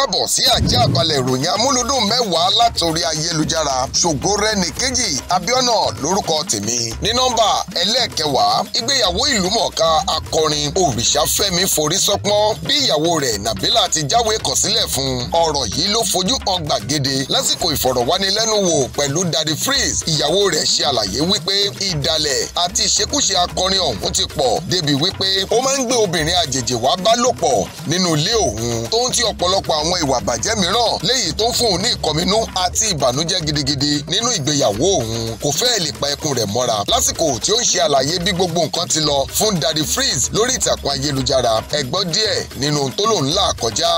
káàbọ̀ sí àjẹ́ àbálẹ̀ ìròyìn amúlùdùn mẹ́wàá látòrí ayélujára ṣògo rẹni kejì abiona lórúkọ tèmi ní nọ́mbà ẹlẹ́ẹ̀kẹwàá ìgbéyàwó ìlúmọ̀ọ́ká akọrin òrìṣàfẹ́mi forí sọpọ́n bí ìyàwó rẹ̀ nàbílà ti jáwé kọ̀sílẹ̀ fún ọ̀rọ̀ yìí ló fojú hàn gbàgede lásìkò ìfọ̀rọ̀wánilẹ́nuwò pẹ̀lú dadi freeze ìyàwó rẹ̀ ṣe àlàyé wípé ìdàlẹ̀ àti ìṣekúṣe akọrin ọ̀hún ti pọ̀ débi wípé ó máa ń gbé obìnrin àjèjì wá bá lòpọ̀ nínú ilé òun tóun ti ọ̀pọ̀lọpọ̀ àwọn ìwà bàjẹ́ mìíràn léyìí tó ń fún òun ní ìkọminú àti ìbànújẹ́ gidigidi nínú ìgbéyàwó òun kò fẹ́ẹ̀ lè pa ẹkún rẹ̀ mọ́ra lásìkò tí ó ń ṣe àlàyé bí gbogbo nǹkan ti lọ fún Daddy Freeze lórí ìtàkùn ayélujára ẹ díẹ̀ nínú ohun tó lòun là kọjá.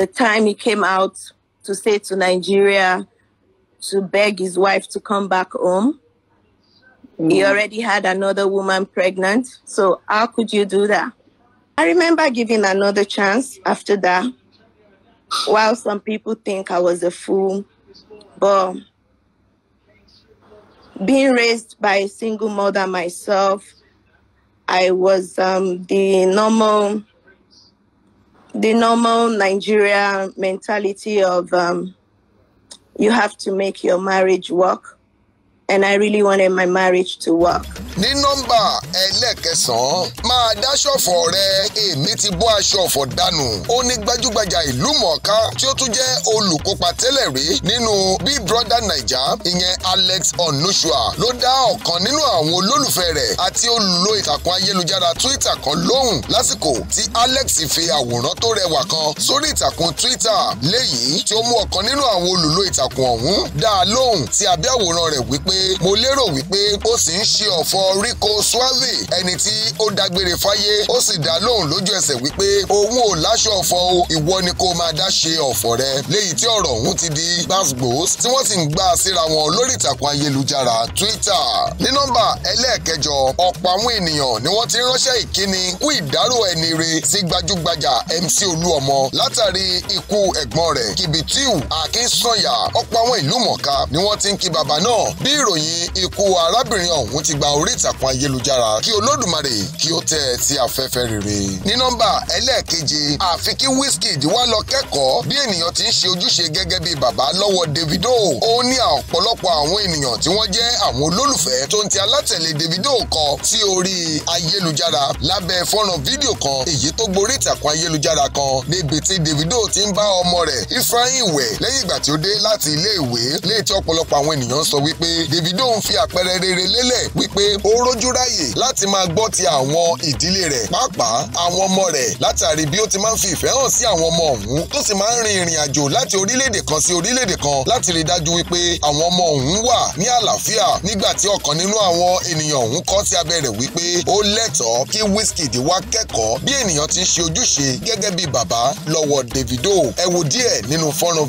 The time he came out to say to Nigeria to beg his wife to come back home. Mm. He already had another woman pregnant. So how could you do that? I remember giving another chance after that. While some people think I was a fool, but being raised by a single mother myself, I was um, the normal, the normal Nigeria mentality of um, you have to make your marriage work and I really wanted my marriage to work. ní nọ́mbà ẹlẹ́kẹsàn-án máa dáṣọ̀fọ̀ rẹ èmi ti bọ́ aṣọ̀fọ̀ dànù ó ní gbajúgbajà ìlú mọ̀ọ́ká tí ó tún jẹ́ olùkópa tẹ́lẹ̀ rí nínú Big Brother Naija ìyẹn Alex Onusua ló dá ọ̀kan nínú àwọn olólùfẹ́ rẹ̀ àti olùlò ìtàkùn ayélujára Twitter kan lóhùn lásìkò tí Alex fi àwòrán tó rẹwà kan sórí ìtàkùn Twitter léyìí tí ó mú ọ̀kan nínú àwọn olùlò ìtàkùn ọ̀hún dá a lóhùn tí abẹ́ àwòrán rẹ̀ wípé mo lérò wípé ó sì ń ṣe ọ̀fọ̀ Rico Suave ẹni tí ó dágbére fáyé ó sì dá lóhùn lójú ẹsẹ̀ wípé òun ò láṣọ ọ̀fọ̀ o ìwọ ni kó máa dá ṣe ọ̀fọ̀ rẹ léyìí tí ọ̀rọ̀ ọ̀hún ti di gbàsgbòs tí wọ́n sì ń gbà síra wọn lórí ìtàkùn ayélujára Twitter ní nọ́mbà ẹlẹ́ẹ̀kẹjọ ọ̀pọ̀ àwọn ènìyàn ni wọ́n ti ránṣẹ́ ìkíni kú ìdárò ẹni re sí gbajúgbajà MC Olúọmọ látàrí ikú ẹ̀gbọ́n rẹ̀ Kìbìtìù Akínsànyà ọ̀pọ̀ àwọn ìlú mọ̀ọ́ká ni wọ́n ti ń kí bàbá náà bí ìr ìròyìn ikú arábìnrin ọ̀hún ti gba orí ìtàkùn ayélujára kí olódùmarè kí ó tẹ́ ẹ sí afẹ́fẹ́ rere. ní nọ́mbà ẹlẹ́ẹ̀keje àfi kí Wizkid wá lọ kẹ́kọ̀ọ́ bí ènìyàn ti ń ṣe ojúṣe gẹ́gẹ́ bí bàbá lọ́wọ́ Davido ó ní ọ̀pọ̀lọpọ̀ àwọn ènìyàn tí wọ́n jẹ́ àwọn olólùfẹ́ tó ń ti alátẹ̀lé Davido kọ sí orí ayélujára lábẹ́ fọ́nrán fídíò kan èyí tó gborí ìtàkùn ayélujára kan níbi tí Davido ti ń bá ọmọ rẹ̀ Ifeanyi wẹ̀ lẹ́yìn ìgbà tí ó dé láti ilé ìwé léè ọ̀pọ̀lọpọ̀ àwọn ènìyàn sọ wípé d Davido ń fi àpẹẹrẹ rere lélẹ̀ wípé ó rójú ráyè láti máa gbọ́ ti àwọn ìdílé rẹ̀ pàápàá àwọn ọmọ rẹ̀ látàrí bí ó ti máa ń fi ìfẹ́ hàn sí àwọn ọmọ ọ̀hún tó sì máa ń rin ìrìn àjò láti orílẹ̀-èdè kan sí orílẹ̀-èdè kan láti rí dájú wípé àwọn ọmọ ọ̀hún wà ní àlàáfíà nígbà tí ọ̀kan nínú àwọn ènìyàn ọ̀hún kọ sí abẹ́ rẹ̀ wípé ó lẹ́tọ̀ọ́ kí Wizkid wá kẹ́kọ̀ọ́ bí ènìyàn ti ń ṣe ojúṣe gẹ́gẹ́ bí bàbá lọ́wọ́ Davido ẹ wo díẹ̀ nínú fọ́nrán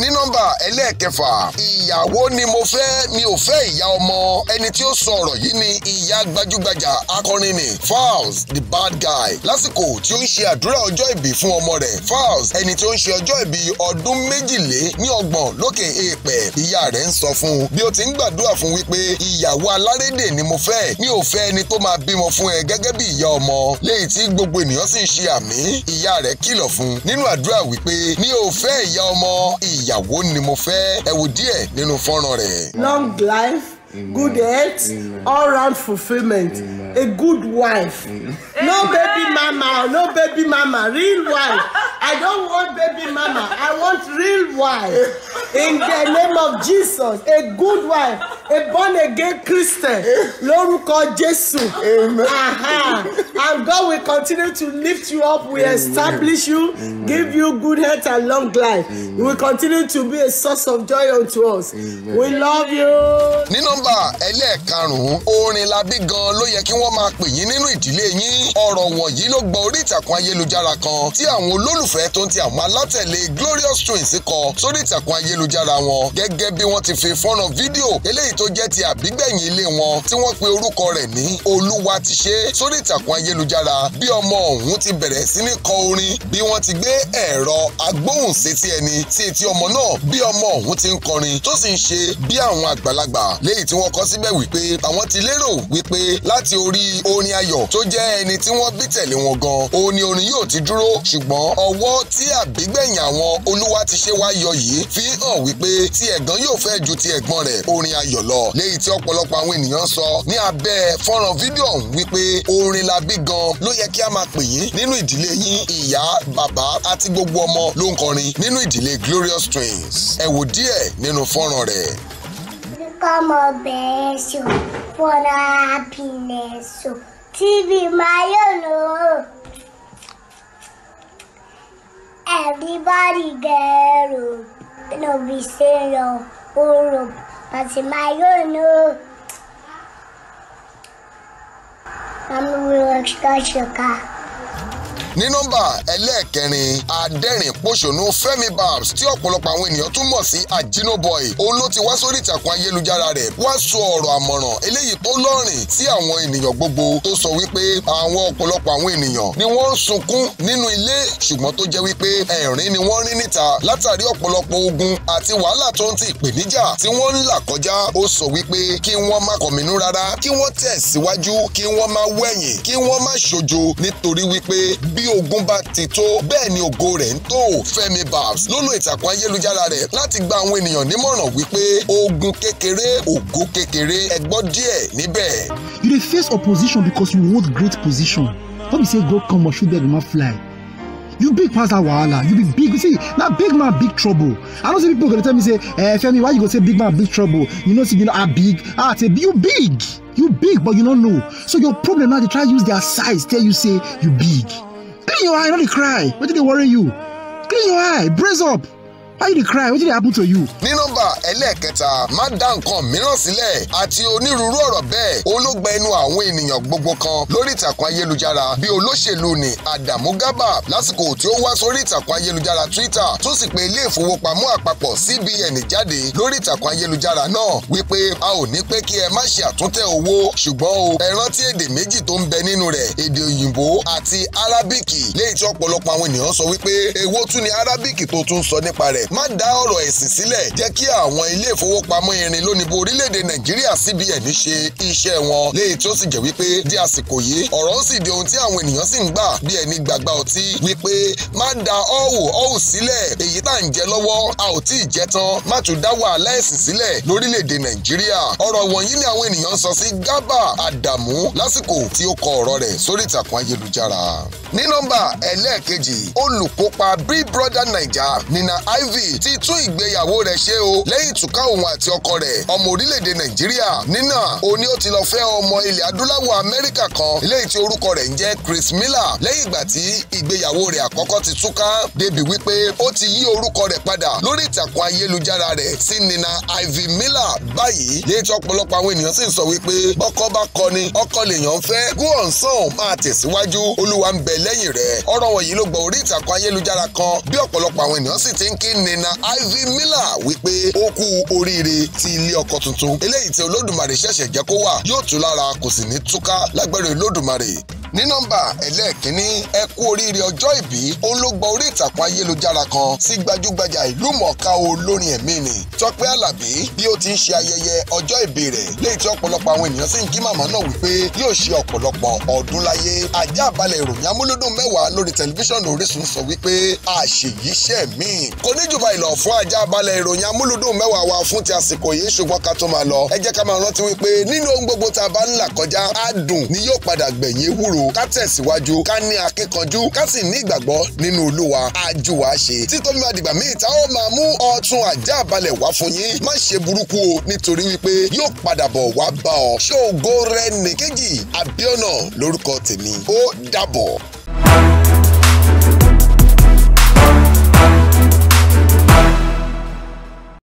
ní nọ́mbà ẹlẹ́ẹ̀kẹfà ìyàwó ni mo fẹ́ ni ò fẹ́ ìyá ọmọ ẹni tí ó sọ ọ̀rọ̀ yìí ni ìyá gbajúgbajà akọrin ni Falz the bad guy lásìkò tí ó ń ṣe àdúrà ọjọ́ ìbí fún ọmọ rẹ̀ Falz ẹni tí ó ń ṣe ọjọ́ ìbí ọdún méjìlé ní ọgbọ̀n lókè èèpẹ̀ ìyá rẹ̀ ń sọ fún un bí ó ti ń gbàdúrà fún wípé ìyàwó alárédè ni mo fẹ́ ni ò fẹ́ ẹni tó máa bímọ fún ẹ gẹ́gẹ́ bí ìyá ọmọ léyìí tí gbogbo ènìyàn sì ń ṣe àmì ìyá rẹ̀ kìlọ̀ fún nínú àdúrà wípé ni ò fẹ́ ìyá ọmọ ìyá ìyàwó ni mo fẹ́ ẹ wò díẹ̀ nínú fọ́nrán rẹ̀. long life Amen. good health Amen. all round fulfilment Amen. a good wife Amen. no baby mama no baby mama real wife i don't want baby mama i want real wife in the name of jesus a good wife a born again christian lórúkọ jésù. Amen and God will continue to lift you up, will establish you, give you good health and long life. He will continue to be a source of joy unto us. We love you. Ní nọ́mbà ẹlẹ́ẹ̀karùn-ún, orin labí gan ló yẹ kí wọ́n máa pè yín nínú ìdílé yín. Ọ̀rọ̀ wọ̀nyí ló gba orí ìtàkùn ayélujára kan tí àwọn olólùfẹ́ tó ń ti àwọn alátẹ̀lé Glorious Twins kọ sórí ìtàkùn ayélujára wọn gẹ́gẹ́ bí wọ́n ti fi fọ́nà fídíò eléyìí tó jẹ́ ti àbígbẹ̀yìn ilé wọn tí wọ́n pe orúkọ rẹ̀ ní Olúwa ti ṣe sórí ìtàkùn ayélujára ayélujára bí ọmọ ọ̀hún ti bẹ̀rẹ̀ sí ní kọ orin bí wọ́n ti gbé ẹ̀rọ agbóhùnsétí ẹni sí etí ọmọ náà bí ọmọ ọ̀hún ti ń kọrin tó sì ń ṣe bí àwọn àgbàlagbà léyìí tí wọ́n kọ síbẹ̀ wípé àwọn ti lérò wípé láti orí orin ayọ̀ tó jẹ́ ẹni tí wọ́n bí tẹ̀lé wọn gan òun orin yóò ti dúró ṣùgbọ́n ọwọ́ tí àbígbẹ̀yìn àwọn olúwa ti ṣe wá yọ yìí fi hàn wípé ti ẹ̀gán yóò fẹ́ ju ti ẹ̀gbọ́n rẹ̀ orin ayọ̀ lọ léyìí tí ọ̀pọ̀lọpọ̀ àwọn ènìyàn sọ ní abẹ́ fọ́nrán fídíò ọ̀hún wípé orin la bí gan ló yẹ kí a máa pè yín nínú ìdílé yín ìyá bàbá àti gbogbo ọmọ ló ń kọrin nínú ìdílé Glorious Twins ẹ wò díẹ̀ nínú fọ́nrán rẹ̀. kọ́mọ bẹ̀rẹ̀ ṣò fọ́nà happiness ṣò tíbi máa yọ̀ lọ́wọ́. Everybody get up, no be say no, oh no, but my own no. Vamos jogar. ní nọ́mbà ẹlẹ́ẹ̀kẹrin adẹ́rìn pòṣónú Fẹ́mi Babs tí ọ̀pọ̀lọpọ̀ àwọn ènìyàn tún mọ̀ sí Ajino Boy òun ló ti wá sórí ìtàkùn ayélujára rẹ̀ wá sọ ọ̀rọ̀ àmọ̀ràn eléyìí tó lọ́rìn sí àwọn ènìyàn gbogbo tó sọ wípé àwọn ọ̀pọ̀lọpọ̀ àwọn ènìyàn ni wọ́n ń sunkún nínú ilé ṣùgbọ́n tó jẹ́ wípé ẹ̀rín ni wọ́n rín níta látàrí ọ̀pọ̀lọpọ̀ ogun àti wàhálà tó ń ti ìpèníjà tí wọ́n ń là kọjá ó sọ wípé kí wọ́n má kọ̀mínú rárá kí wọ́n tẹ̀ síwájú kí wọ́n má wẹ̀yìn kí wọ́n má ṣojo nítorí wípé bí bí ogun bá ti tó bẹ́ẹ̀ ni ògo rẹ̀ ń tò Fẹ́mi Babs lónà ìtàkùn ayélujára rẹ̀ láti gba àwọn ènìyàn nímọ̀ràn wípé ogun kékeré ògo kékeré ẹ gbọ́ díẹ̀ níbẹ̀. You dey face opposition because you hold great position. No be say God come or shoot dead man fly. you big pass that wahala you be big you see na big man big trouble i know say people go dey tell me say eh Femi why you go say big man big trouble you know say you know how ah, big ah say you big you big but you no know so your problem now dey try use their size tell you say you big Clean your eye, not cry. What did they worry you? Clean your eye, brace up. why you dey cry wetin dey happen to you. ní nọ́mbà ẹlẹ́ẹ̀kẹta má dá nǹkan mìíràn sílẹ̀ àti onírúurú ọ̀rọ̀ bẹ́ẹ̀ olóògbé ẹnu àwọn ènìyàn gbogbo kan lórí ìtàkùn ayélujára bí olóṣèlú ni Adamu Garba lásìkò tí ó wá sórí ìtàkùn ayélujára Twitter tó sì pe ilé ìfowópamọ́ àpapọ̀ CBN jáde lórí ìtàkùn ayélujára náà wípé a ò ní pé kí ẹ má ṣe àtúntẹ̀ owó ṣùgbọ́n o ẹ rántí èdè méjì tó ń bẹ nínú rẹ̀ èdè òyìnbó àti arábìkì léyìí tí ọ̀pọ̀lọpọ̀ àwọn ènìyàn sọ wípé èwo tún ni arábìkì tó tún sọ nípa rẹ̀ má dá ọ̀rọ̀ ẹ̀sìn sílẹ̀ jẹ́ kí àwọn ilé ìfowópamọ́ irin lónìí bo orílẹ̀-èdè nàìjíríà cbn ṣe iṣẹ́ wọn léyìí tó sì jẹ́ wípé di àsìkò yìí ọ̀rọ̀ ń sì di ohun tí àwọn ènìyàn sì ń gbà bí ẹni gbàgbà ọtí wípé má da ọ̀wù ọ̀wù sílẹ̀ èyí tá à ń jẹ lọ́wọ́ a ò tí ì jẹ tán má tún dá wàhálà ẹ̀sìn sílẹ̀ lórílẹ̀‐èdè nàìjíríà ọ̀rọ̀ wọ̀nyí ni àwọn ènìyàn sọ sí gábà àdàmú lásìkò tí ó kọ ọ̀rọ̀ rẹ̀ sórí ìtàkùn ayélujára ní nọ́mbà ẹlẹ́ẹ̀kejì olùkópa big brother naija nina iv Mojave ti tún ìgbéyàwó rẹ̀ ṣe o lẹ́yìn ìtúká òun àti ọkọ rẹ̀ ọmọ orílẹ̀-èdè Nàìjíríà nínà òun ni ó ti lọ fẹ́ ọmọ ilẹ̀ adúláwọ̀ Amẹ́ríkà kan eléyìí tí orúkọ rẹ̀ ń jẹ́ Chris Miller lẹ́yìn ìgbà tí ìgbéyàwó rẹ̀ àkọ́kọ́ ti túká débi wípé ó ti yí orúkọ rẹ̀ padà lórí ìtàkùn ayélujára rẹ̀ sí Nina Ivy Miller báyìí léyìí tí ọ̀pọ̀lọpọ̀ àwọn ènìyàn sì ń sọ wípé ọkọ bá kọni ọkọ lèèyàn fẹ́ gúọ̀nsán máa tẹ̀síwájú olúwa ń bẹ lẹ́yìn rẹ̀ ọ̀rọ̀ wọ̀nyí ló gbọ́ orí ìtàkùn Nina Ivy Miller wípé ó kú oríire ti ilé ọkọ tuntun eléyìí tí Olódùmarè ṣẹ̀ṣẹ̀ jẹ́ kó wà yóò tú lára kò sì ní túká lágbára Olódùmarè ní nọ́mbà ẹlẹ́ẹ̀kínní ẹ kú oríire ọjọ́ ìbí òun orí ìtàkùn ayélujára kan sí gbajúgbajà ìlú mọ̀ọ́ká olórin ẹ̀mí ni Tọ́pẹ́ Àlàbí bí ó ti ń ṣe ayẹyẹ ọjọ́ ìbí rẹ̀ léyìí tí ọ̀pọ̀lọpọ̀ àwọn ènìyàn sì ń kí màmá náà wípé yóò ṣe ọ̀pọ̀lọpọ̀ ọdún láyé ajá àbálẹ̀ ìròyìn amúlódùn mẹ́wàá lórí tẹlifíṣàn Orísun sọ wípé àṣèyíṣẹ́ mi kò ní jù báyìí lọ fún ajá àbálẹ̀ ìròyìn amúlódùn mẹ́wàá wa fún ti àsìkò yìí ṣùgbọ́n ká tó máa ni yóò padà gbẹ̀yìn òdodo ká tẹ̀síwájú ká ní akíkanjú ká sì ní ìgbàgbọ́ nínú olúwa ajúwa ṣe títọ́ bí míì tá ó máa mú ọ̀tun àjá balẹ̀ wá fún yín má ṣe burúkú o nítorí wípé yóò padà bọ̀ wá bá ọ ṣóògo rẹ nìkejì Abíọ́nà lórúkọ tèmi ó dàbọ̀.